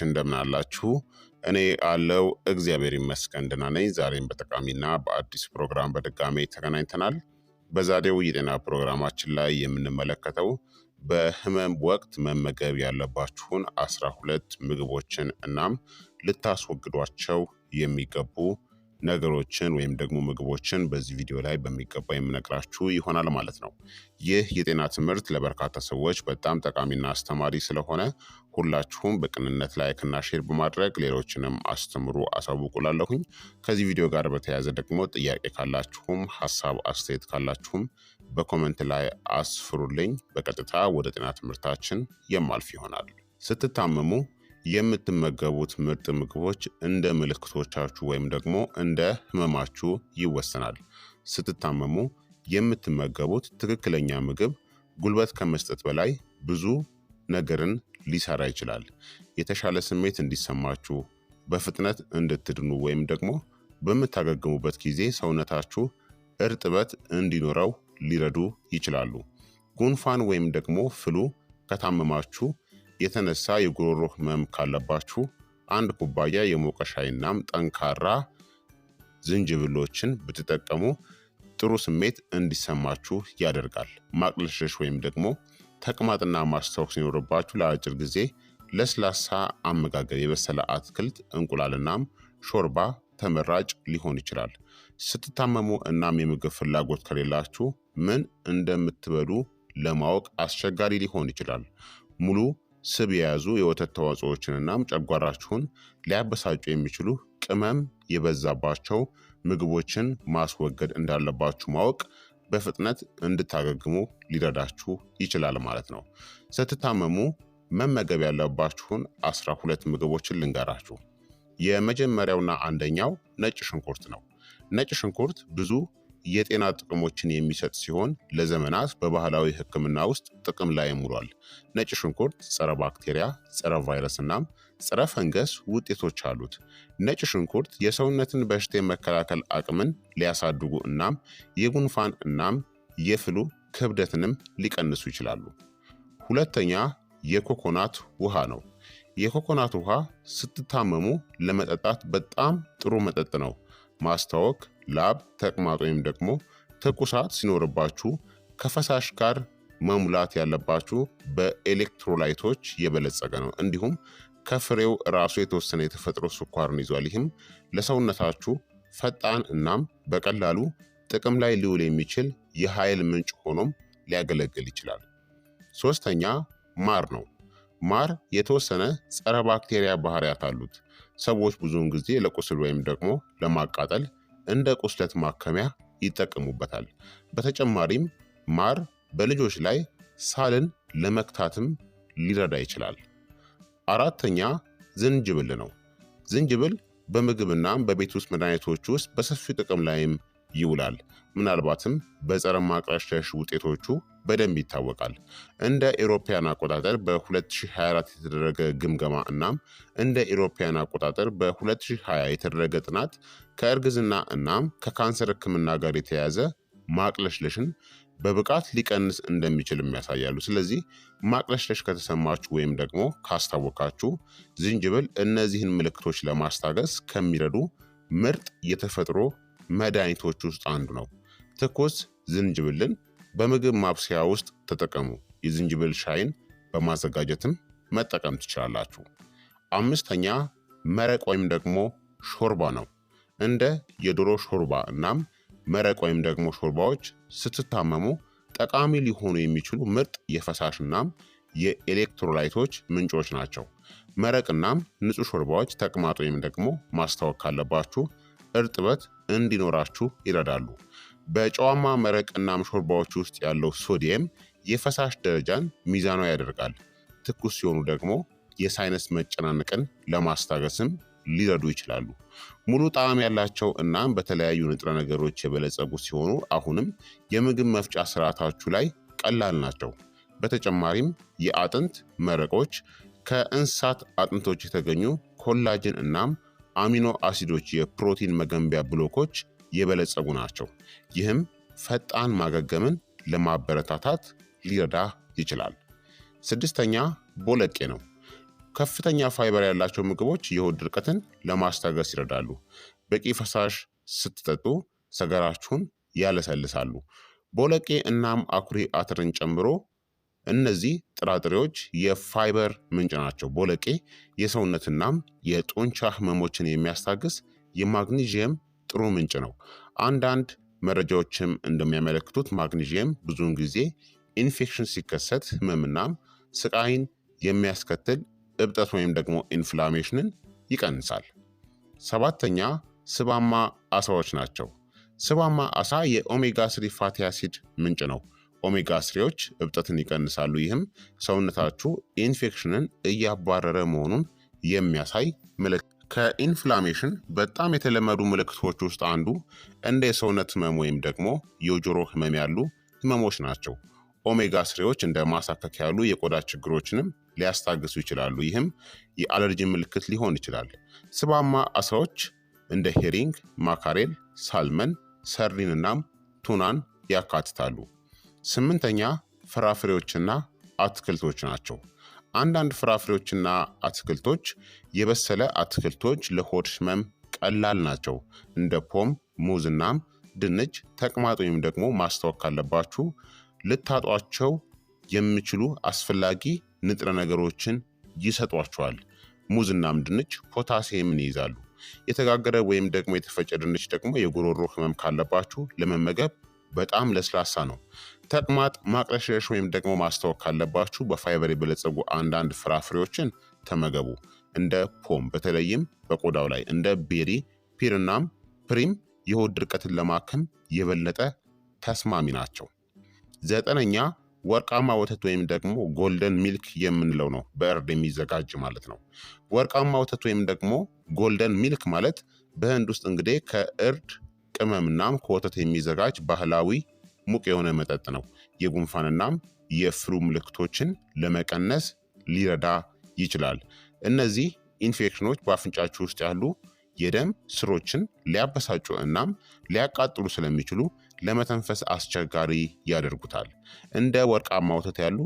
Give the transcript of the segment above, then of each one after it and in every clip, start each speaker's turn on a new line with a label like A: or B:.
A: ሰዎች እንደምናላችሁ እኔ አለው እግዚአብሔር ይመስገን ደህና ነኝ። ዛሬም በጠቃሚና በአዲስ ፕሮግራም በድጋሜ ተገናኝተናል። በዛሬው የጤና ፕሮግራማችን ላይ የምንመለከተው በህመም ወቅት መመገብ ያለባችሁን አስራ ሁለት ምግቦችን እናም ልታስወግዷቸው የሚገቡ ነገሮችን ወይም ደግሞ ምግቦችን በዚህ ቪዲዮ ላይ በሚገባ የምነግራችሁ ይሆናል ማለት ነው። ይህ የጤና ትምህርት ለበርካታ ሰዎች በጣም ጠቃሚና አስተማሪ ስለሆነ ሁላችሁም በቅንነት ላይክና ሼር በማድረግ ሌሎችንም አስተምሩ፣ አሳውቁላለሁኝ። ከዚህ ቪዲዮ ጋር በተያያዘ ደግሞ ጥያቄ ካላችሁም ሀሳብ አስተያየት ካላችሁም በኮመንት ላይ አስፍሩልኝ። በቀጥታ ወደ ጤና ትምህርታችን የማልፍ ይሆናል። ስትታመሙ የምትመገቡት ምርጥ ምግቦች እንደ ምልክቶቻችሁ ወይም ደግሞ እንደ ህመማችሁ ይወሰናል። ስትታመሙ የምትመገቡት ትክክለኛ ምግብ ጉልበት ከመስጠት በላይ ብዙ ነገርን ሊሰራ ይችላል። የተሻለ ስሜት እንዲሰማችሁ፣ በፍጥነት እንድትድኑ ወይም ደግሞ በምታገግሙበት ጊዜ ሰውነታችሁ እርጥበት እንዲኖረው ሊረዱ ይችላሉ። ጉንፋን ወይም ደግሞ ፍሉ ከታመማችሁ የተነሳ የጉሮሮ ህመም ካለባችሁ አንድ ኩባያ የሞቀ ሻይናም ጠንካራ ዝንጅብሎችን ብትጠቀሙ ጥሩ ስሜት እንዲሰማችሁ ያደርጋል። ማቅለሽለሽ ወይም ደግሞ ተቅማጥና ማስታወክ ሲኖርባችሁ ለአጭር ጊዜ ለስላሳ አመጋገብ፣ የበሰለ አትክልት፣ እንቁላልናም ሾርባ ተመራጭ ሊሆን ይችላል። ስትታመሙ እናም የምግብ ፍላጎት ከሌላችሁ ምን እንደምትበሉ ለማወቅ አስቸጋሪ ሊሆን ይችላል። ሙሉ ስብ የያዙ የወተት ተዋጽኦችንናም ጨጓራችሁን ሊያበሳጩ የሚችሉ ቅመም የበዛባቸው ምግቦችን ማስወገድ እንዳለባችሁ ማወቅ በፍጥነት እንድታገግሙ ሊረዳችሁ ይችላል ማለት ነው። ስትታመሙ መመገብ ያለባችሁን አስራ ሁለት ምግቦችን ልንገራችሁ። የመጀመሪያውና አንደኛው ነጭ ሽንኩርት ነው። ነጭ ሽንኩርት ብዙ የጤና ጥቅሞችን የሚሰጥ ሲሆን ለዘመናት በባህላዊ ሕክምና ውስጥ ጥቅም ላይ ውሏል። ነጭ ሽንኩርት ጸረ ባክቴሪያ፣ ጸረ ቫይረስ እናም ጸረ ፈንገስ ውጤቶች አሉት። ነጭ ሽንኩርት የሰውነትን በሽታ የመከላከል አቅምን ሊያሳድጉ እናም የጉንፋን እናም የፍሉ ክብደትንም ሊቀንሱ ይችላሉ። ሁለተኛ የኮኮናት ውሃ ነው። የኮኮናት ውሃ ስትታመሙ ለመጠጣት በጣም ጥሩ መጠጥ ነው። ማስታወክ ላብ፣ ተቅማጥ ወይም ደግሞ ትኩሳት ሲኖርባችሁ ከፈሳሽ ጋር መሙላት ያለባችሁ በኤሌክትሮላይቶች የበለጸገ ነው። እንዲሁም ከፍሬው ራሱ የተወሰነ የተፈጥሮ ስኳርን ይዟል። ይህም ለሰውነታችሁ ፈጣን እናም በቀላሉ ጥቅም ላይ ሊውል የሚችል የኃይል ምንጭ ሆኖም ሊያገለግል ይችላል። ሶስተኛ ማር ነው። ማር የተወሰነ ጸረ ባክቴሪያ ባህሪያት አሉት። ሰዎች ብዙውን ጊዜ ለቁስል ወይም ደግሞ ለማቃጠል እንደ ቁስለት ማከሚያ ይጠቀሙበታል። በተጨማሪም ማር በልጆች ላይ ሳልን ለመክታትም ሊረዳ ይችላል። አራተኛ ዝንጅብል ነው። ዝንጅብል በምግብና በቤት ውስጥ መድኃኒቶች ውስጥ በሰፊው ጥቅም ላይም ይውላል። ምናልባትም በጸረ ማቅለሽለሽ ውጤቶቹ በደንብ ይታወቃል። እንደ ኢሮፓያን አቆጣጠር በ2024 የተደረገ ግምገማ እናም እንደ ኢሮፓያን አቆጣጠር በ2020 የተደረገ ጥናት ከእርግዝና እናም ከካንሰር ሕክምና ጋር የተያያዘ ማቅለሽለሽን በብቃት ሊቀንስ እንደሚችልም ያሳያሉ። ስለዚህ ማቅለሽለሽ ከተሰማችሁ ወይም ደግሞ ካስታወካችሁ ዝንጅብል እነዚህን ምልክቶች ለማስታገስ ከሚረዱ ምርጥ የተፈጥሮ መድኃኒቶች ውስጥ አንዱ ነው። ትኩስ ዝንጅብልን በምግብ ማብሰያ ውስጥ ተጠቀሙ። የዝንጅብል ሻይን በማዘጋጀትም መጠቀም ትችላላችሁ። አምስተኛ መረቅ ወይም ደግሞ ሾርባ ነው። እንደ የዶሮ ሾርባ እናም መረቅ ወይም ደግሞ ሾርባዎች ስትታመሙ ጠቃሚ ሊሆኑ የሚችሉ ምርጥ የፈሳሽ እናም የኤሌክትሮላይቶች ምንጮች ናቸው። መረቅ እናም ንጹህ ሾርባዎች ተቅማጥ ወይም ደግሞ ማስታወክ ካለባችሁ እርጥበት እንዲኖራችሁ ይረዳሉ። በጨዋማ እና ምሾርባዎች ውስጥ ያለው ሶዲየም የፈሳሽ ደረጃን ሚዛናዊ ያደርጋል። ትኩስ ሲሆኑ ደግሞ የሳይነስ መጨናነቅን ለማስታገስም ሊረዱ ይችላሉ። ሙሉ ጣዕም ያላቸው እናም በተለያዩ ንጥረ ነገሮች የበለጸጉ ሲሆኑ አሁንም የምግብ መፍጫ ስርዓታችሁ ላይ ቀላል ናቸው። በተጨማሪም የአጥንት መረቆች ከእንስሳት አጥንቶች የተገኙ ኮላጅን እናም አሚኖ አሲዶች የፕሮቲን መገንቢያ ብሎኮች የበለጸጉ ናቸው። ይህም ፈጣን ማገገምን ለማበረታታት ሊረዳ ይችላል። ስድስተኛ ቦለቄ ነው። ከፍተኛ ፋይበር ያላቸው ምግቦች የሆድ ድርቀትን ለማስታገስ ይረዳሉ። በቂ ፈሳሽ ስትጠጡ ሰገራችሁን ያለሰልሳሉ። ቦለቄ እናም አኩሪ አተርን ጨምሮ እነዚህ ጥራጥሬዎች የፋይበር ምንጭ ናቸው። ቦለቄ የሰውነትናም የጡንቻ ህመሞችን የሚያስታግስ የማግኒዥየም ጥሩ ምንጭ ነው። አንዳንድ መረጃዎችም እንደሚያመለክቱት ማግኒዥየም ብዙውን ጊዜ ኢንፌክሽን ሲከሰት ህመምናም ስቃይን የሚያስከትል እብጠት ወይም ደግሞ ኢንፍላሜሽንን ይቀንሳል። ሰባተኛ ስባማ አሳዎች ናቸው። ስባማ አሳ የኦሜጋ ስሪ ፋቲ አሲድ ምንጭ ነው። ኦሜጋ ስሪዎች እብጠትን ይቀንሳሉ። ይህም ሰውነታችሁ ኢንፌክሽንን እያባረረ መሆኑን የሚያሳይ ምልክት። ከኢንፍላሜሽን በጣም የተለመዱ ምልክቶች ውስጥ አንዱ እንደ የሰውነት ህመም ወይም ደግሞ የጆሮ ህመም ያሉ ህመሞች ናቸው። ኦሜጋ ስሪዎች እንደ ማሳከክ ያሉ የቆዳ ችግሮችንም ሊያስታግሱ ይችላሉ። ይህም የአለርጂ ምልክት ሊሆን ይችላል። ስባማ አሳዎች እንደ ሄሪንግ፣ ማካሬል፣ ሳልመን፣ ሰርዲንናም ቱናን ያካትታሉ። ስምንተኛ ፍራፍሬዎችና አትክልቶች ናቸው። አንዳንድ ፍራፍሬዎችና አትክልቶች የበሰለ አትክልቶች ለሆድ ህመም ቀላል ናቸው። እንደ ፖም፣ ሙዝናም ድንች ተቅማጥ ወይም ደግሞ ማስታወክ ካለባችሁ ልታጧቸው የሚችሉ አስፈላጊ ንጥረ ነገሮችን ይሰጧቸዋል። ሙዝናም ድንች ፖታሲየምን ይይዛሉ። የተጋገረ ወይም ደግሞ የተፈጨ ድንች ደግሞ የጉሮሮ ህመም ካለባችሁ ለመመገብ በጣም ለስላሳ ነው። ተቅማጥ፣ ማቅለሽለሽ ወይም ደግሞ ማስታወክ ካለባችሁ በፋይበር የበለጸጉ አንዳንድ ፍራፍሬዎችን ተመገቡ። እንደ ፖም በተለይም በቆዳው ላይ እንደ ቤሪ፣ ፒርናም፣ ፕሪም የሆድ ድርቀትን ለማከም የበለጠ ተስማሚ ናቸው። ዘጠነኛ ወርቃማ ወተት ወይም ደግሞ ጎልደን ሚልክ የምንለው ነው። በእርድ የሚዘጋጅ ማለት ነው። ወርቃማ ወተት ወይም ደግሞ ጎልደን ሚልክ ማለት በህንድ ውስጥ እንግዲህ ከእርድ ቅመምናም ከወተት የሚዘጋጅ ባህላዊ ሙቅ የሆነ መጠጥ ነው። የጉንፋንናም የፍሉ ምልክቶችን ለመቀነስ ሊረዳ ይችላል። እነዚህ ኢንፌክሽኖች በአፍንጫችሁ ውስጥ ያሉ የደም ስሮችን ሊያበሳጩ እናም ሊያቃጥሉ ስለሚችሉ ለመተንፈስ አስቸጋሪ ያደርጉታል። እንደ ወርቃማ ወተት ያሉ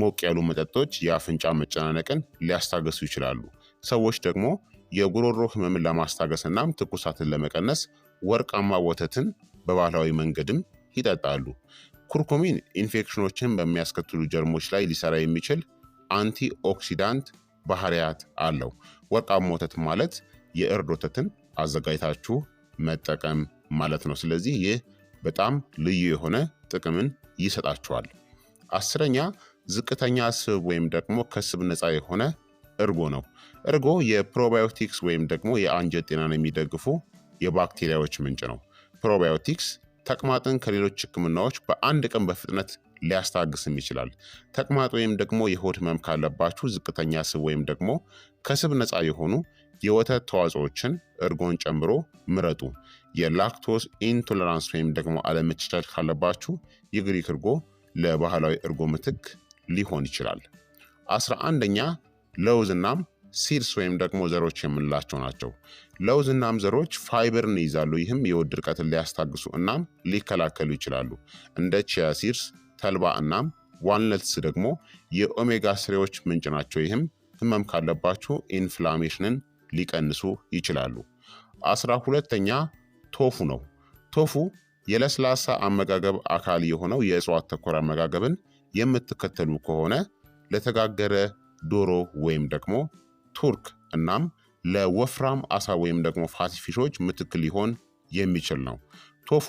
A: ሞቅ ያሉ መጠጦች የአፍንጫ መጨናነቅን ሊያስታገሱ ይችላሉ። ሰዎች ደግሞ የጉሮሮ ህመምን ለማስታገስ እናም ትኩሳትን ለመቀነስ ወርቃማ ወተትን በባህላዊ መንገድም ይጠጣሉ። ኩርኩሚን ኢንፌክሽኖችን በሚያስከትሉ ጀርሞች ላይ ሊሰራ የሚችል አንቲ ኦክሲዳንት ባህሪያት አለው። ወርቃማ ወተት ማለት የእርድ ወተትን አዘጋጅታችሁ መጠቀም ማለት ነው። ስለዚህ ይህ በጣም ልዩ የሆነ ጥቅምን ይሰጣችኋል። አስረኛ ዝቅተኛ ስብ ወይም ደግሞ ከስብ ነፃ የሆነ እርጎ ነው። እርጎ የፕሮባዮቲክስ ወይም ደግሞ የአንጀት ጤናን የሚደግፉ የባክቴሪያዎች ምንጭ ነው። ፕሮባዮቲክስ ተቅማጥን ከሌሎች ህክምናዎች በአንድ ቀን በፍጥነት ሊያስታግስም ይችላል። ተቅማጥ ወይም ደግሞ የሆድ ህመም ካለባችሁ ዝቅተኛ ስብ ወይም ደግሞ ከስብ ነፃ የሆኑ የወተት ተዋጽኦችን እርጎን ጨምሮ ምረጡ። የላክቶስ ኢንቶለራንስ ወይም ደግሞ አለመቻቻል ካለባችሁ የግሪክ እርጎ ለባህላዊ እርጎ ምትክ ሊሆን ይችላል። አስራ አንደኛ ለውዝናም ሲድስ ወይም ደግሞ ዘሮች የምንላቸው ናቸው። ለውዝ እና ዘሮች ፋይበርን ይይዛሉ። ይህም የሆድ ድርቀትን ሊያስታግሱ እናም ሊከላከሉ ይችላሉ። እንደ ቺያሲርስ፣ ተልባ እናም ዋልነትስ ደግሞ የኦሜጋ ስሬዎች ምንጭ ናቸው። ይህም ህመም ካለባችሁ ኢንፍላሜሽንን ሊቀንሱ ይችላሉ። አስራ ሁለተኛ ቶፉ ነው። ቶፉ የለስላሳ አመጋገብ አካል የሆነው የእጽዋት ተኮር አመጋገብን የምትከተሉ ከሆነ ለተጋገረ ዶሮ ወይም ደግሞ ቱርክ እናም ለወፍራም አሳ ወይም ደግሞ ፋቲ ፊሾች ምትክ ሊሆን የሚችል ነው። ቶፉ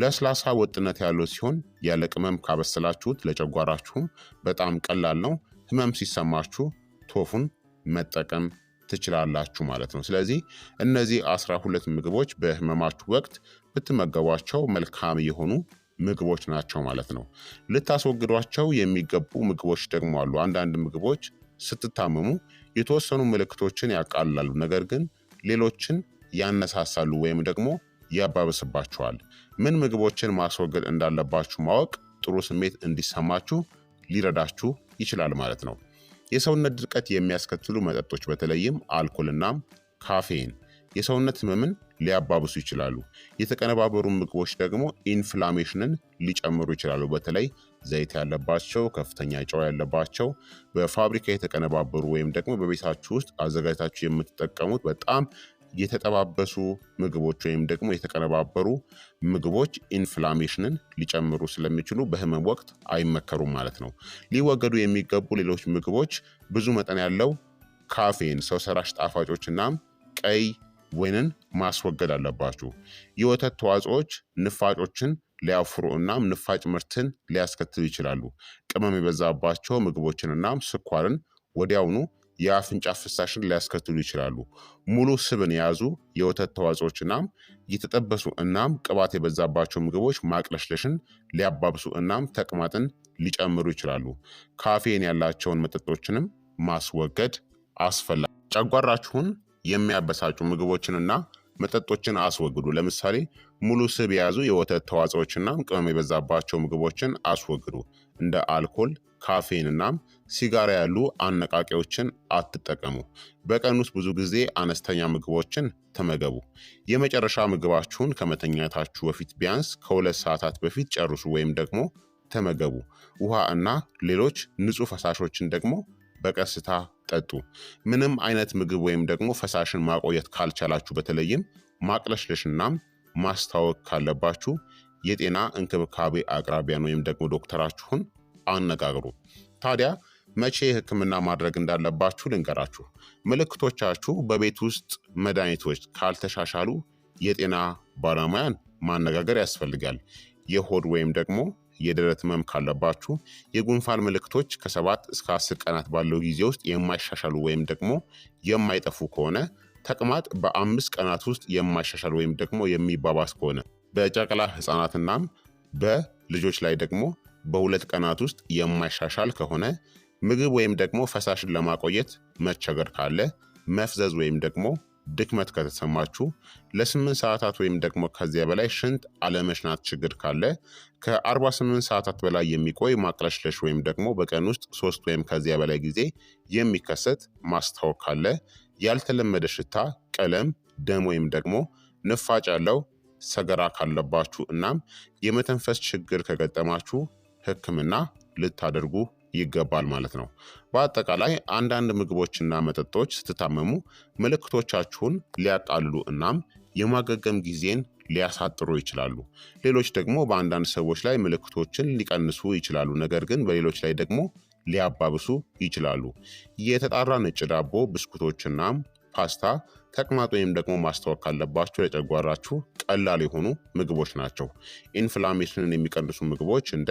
A: ለስላሳ ወጥነት ያለው ሲሆን ያለ ቅመም ካበሰላችሁት ለጨጓራችሁም በጣም ቀላል ነው። ህመም ሲሰማችሁ ቶፉን መጠቀም ትችላላችሁ ማለት ነው። ስለዚህ እነዚህ አስራ ሁለት ምግቦች በህመማችሁ ወቅት ብትመገቧቸው መልካም የሆኑ ምግቦች ናቸው ማለት ነው። ልታስወግዷቸው የሚገቡ ምግቦች ደግሞ አሉ። አንዳንድ ምግቦች ስትታመሙ የተወሰኑ ምልክቶችን ያቃልላሉ፣ ነገር ግን ሌሎችን ያነሳሳሉ ወይም ደግሞ ያባብስባቸዋል። ምን ምግቦችን ማስወገድ እንዳለባችሁ ማወቅ ጥሩ ስሜት እንዲሰማችሁ ሊረዳችሁ ይችላል ማለት ነው። የሰውነት ድርቀት የሚያስከትሉ መጠጦች በተለይም አልኮልናም ካፌን የሰውነት ህመምን ሊያባብሱ ይችላሉ። የተቀነባበሩ ምግቦች ደግሞ ኢንፍላሜሽንን ሊጨምሩ ይችላሉ በተለይ ዘይት ያለባቸው፣ ከፍተኛ ጨው ያለባቸው፣ በፋብሪካ የተቀነባበሩ ወይም ደግሞ በቤታችሁ ውስጥ አዘጋጅታችሁ የምትጠቀሙት በጣም የተጠባበሱ ምግቦች ወይም ደግሞ የተቀነባበሩ ምግቦች ኢንፍላሜሽንን ሊጨምሩ ስለሚችሉ በህመም ወቅት አይመከሩም ማለት ነው። ሊወገዱ የሚገቡ ሌሎች ምግቦች ብዙ መጠን ያለው ካፌን፣ ሰው ሰራሽ ጣፋጮች እናም ቀይ ወይንን ማስወገድ አለባችሁ። የወተት ተዋጽኦች ንፋጮችን ሊያፍሩ እናም ንፋጭ ምርትን ሊያስከትሉ ይችላሉ። ቅመም የበዛባቸው ምግቦችን እናም ስኳርን ወዲያውኑ የአፍንጫ ፍሳሽን ሊያስከትሉ ይችላሉ። ሙሉ ስብን የያዙ የወተት ተዋጽኦች እናም የተጠበሱ እናም ቅባት የበዛባቸው ምግቦች ማቅለሽለሽን ሊያባብሱ እናም ተቅማጥን ሊጨምሩ ይችላሉ። ካፌን ያላቸውን መጠጦችንም ማስወገድ አስፈላጊ። ጨጓራችሁን የሚያበሳጩ ምግቦችንና መጠጦችን አስወግዱ። ለምሳሌ ሙሉ ስብ የያዙ የወተት ተዋጽኦችና ቅመም የበዛባቸው ምግቦችን አስወግዱ። እንደ አልኮል፣ ካፌን እናም ሲጋራ ያሉ አነቃቂዎችን አትጠቀሙ። በቀን ውስጥ ብዙ ጊዜ አነስተኛ ምግቦችን ተመገቡ። የመጨረሻ ምግባችሁን ከመተኛታችሁ በፊት ቢያንስ ከሁለት ሰዓታት በፊት ጨርሱ ወይም ደግሞ ተመገቡ። ውሃ እና ሌሎች ንጹህ ፈሳሾችን ደግሞ በቀስታ ጠጡ። ምንም አይነት ምግብ ወይም ደግሞ ፈሳሽን ማቆየት ካልቻላችሁ በተለይም ማቅለሽለሽናም ማስታወቅ ካለባችሁ የጤና እንክብካቤ አቅራቢያን ወይም ደግሞ ዶክተራችሁን አነጋግሩ። ታዲያ መቼ ህክምና ማድረግ እንዳለባችሁ ልንገራችሁ። ምልክቶቻችሁ በቤት ውስጥ መድኃኒቶች ካልተሻሻሉ የጤና ባለሙያን ማነጋገር ያስፈልጋል። የሆድ ወይም ደግሞ የደረት ህመም ካለባችሁ፣ የጉንፋን ምልክቶች ከሰባት እስከ አስር ቀናት ባለው ጊዜ ውስጥ የማይሻሻሉ ወይም ደግሞ የማይጠፉ ከሆነ ተቅማጥ በአምስት ቀናት ውስጥ የማይሻሻል ወይም ደግሞ የሚባባስ ከሆነ በጨቅላ ህፃናትናም በልጆች ላይ ደግሞ በሁለት ቀናት ውስጥ የማይሻሻል ከሆነ ምግብ ወይም ደግሞ ፈሳሽን ለማቆየት መቸገር ካለ፣ መፍዘዝ ወይም ደግሞ ድክመት ከተሰማችሁ፣ ለስምንት ሰዓታት ወይም ደግሞ ከዚያ በላይ ሽንት አለመሽናት ችግር ካለ፣ ከ48 ሰዓታት በላይ የሚቆይ ማቅለሽለሽ ወይም ደግሞ በቀን ውስጥ ሶስት ወይም ከዚያ በላይ ጊዜ የሚከሰት ማስታወክ ካለ ያልተለመደ ሽታ፣ ቀለም፣ ደም ወይም ደግሞ ንፋጭ ያለው ሰገራ ካለባችሁ እናም የመተንፈስ ችግር ከገጠማችሁ ሕክምና ልታደርጉ ይገባል ማለት ነው። በአጠቃላይ አንዳንድ ምግቦችና መጠጦች ስትታመሙ ምልክቶቻችሁን ሊያቃልሉ እናም የማገገም ጊዜን ሊያሳጥሩ ይችላሉ። ሌሎች ደግሞ በአንዳንድ ሰዎች ላይ ምልክቶችን ሊቀንሱ ይችላሉ፣ ነገር ግን በሌሎች ላይ ደግሞ ሊያባብሱ ይችላሉ። የተጣራ ነጭ ዳቦ፣ ብስኩቶችና ፓስታ ተቅማጥ ወይም ደግሞ ማስታወክ ካለባቸው ለጨጓራችሁ ቀላል የሆኑ ምግቦች ናቸው። ኢንፍላሜሽንን የሚቀንሱ ምግቦች እንደ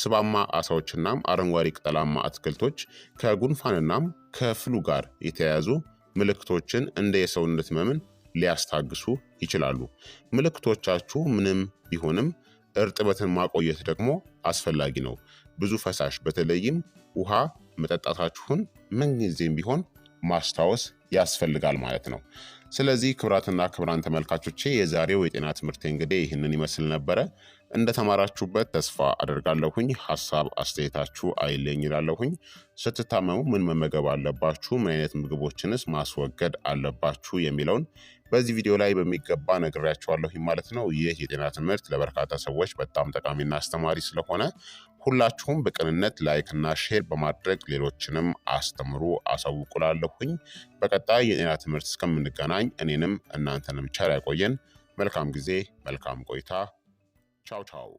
A: ስባማ አሳዎችናም አረንጓዴ ቅጠላማ አትክልቶች ከጉንፋንናም ከፍሉ ጋር የተያያዙ ምልክቶችን እንደ የሰውነት ህመምን ሊያስታግሱ ይችላሉ። ምልክቶቻችሁ ምንም ቢሆንም እርጥበትን ማቆየት ደግሞ አስፈላጊ ነው። ብዙ ፈሳሽ በተለይም ውሃ መጠጣታችሁን ምንጊዜም ቢሆን ማስታወስ ያስፈልጋል ማለት ነው። ስለዚህ ክብራትና ክብራን ተመልካቾቼ የዛሬው የጤና ትምህርት እንግዲህ ይህንን ይመስል ነበረ። እንደተማራችሁበት ተስፋ አደርጋለሁኝ። ሀሳብ አስተያየታችሁ አይለኝ ይላለሁኝ። ስትታመሙ ምን መመገብ አለባችሁ፣ ምን አይነት ምግቦችንስ ማስወገድ አለባችሁ የሚለውን በዚህ ቪዲዮ ላይ በሚገባ ነግሬያችኋለሁኝ ማለት ነው። ይህ የጤና ትምህርት ለበርካታ ሰዎች በጣም ጠቃሚና አስተማሪ ስለሆነ ሁላችሁም በቅንነት ላይክ እና ሼር በማድረግ ሌሎችንም አስተምሩ አሳውቁላለሁኝ። በቀጣይ የጤና ትምህርት እስከምንገናኝ እኔንም እናንተንም ቸር ያቆየን። መልካም ጊዜ፣ መልካም ቆይታ። ቻው ቻው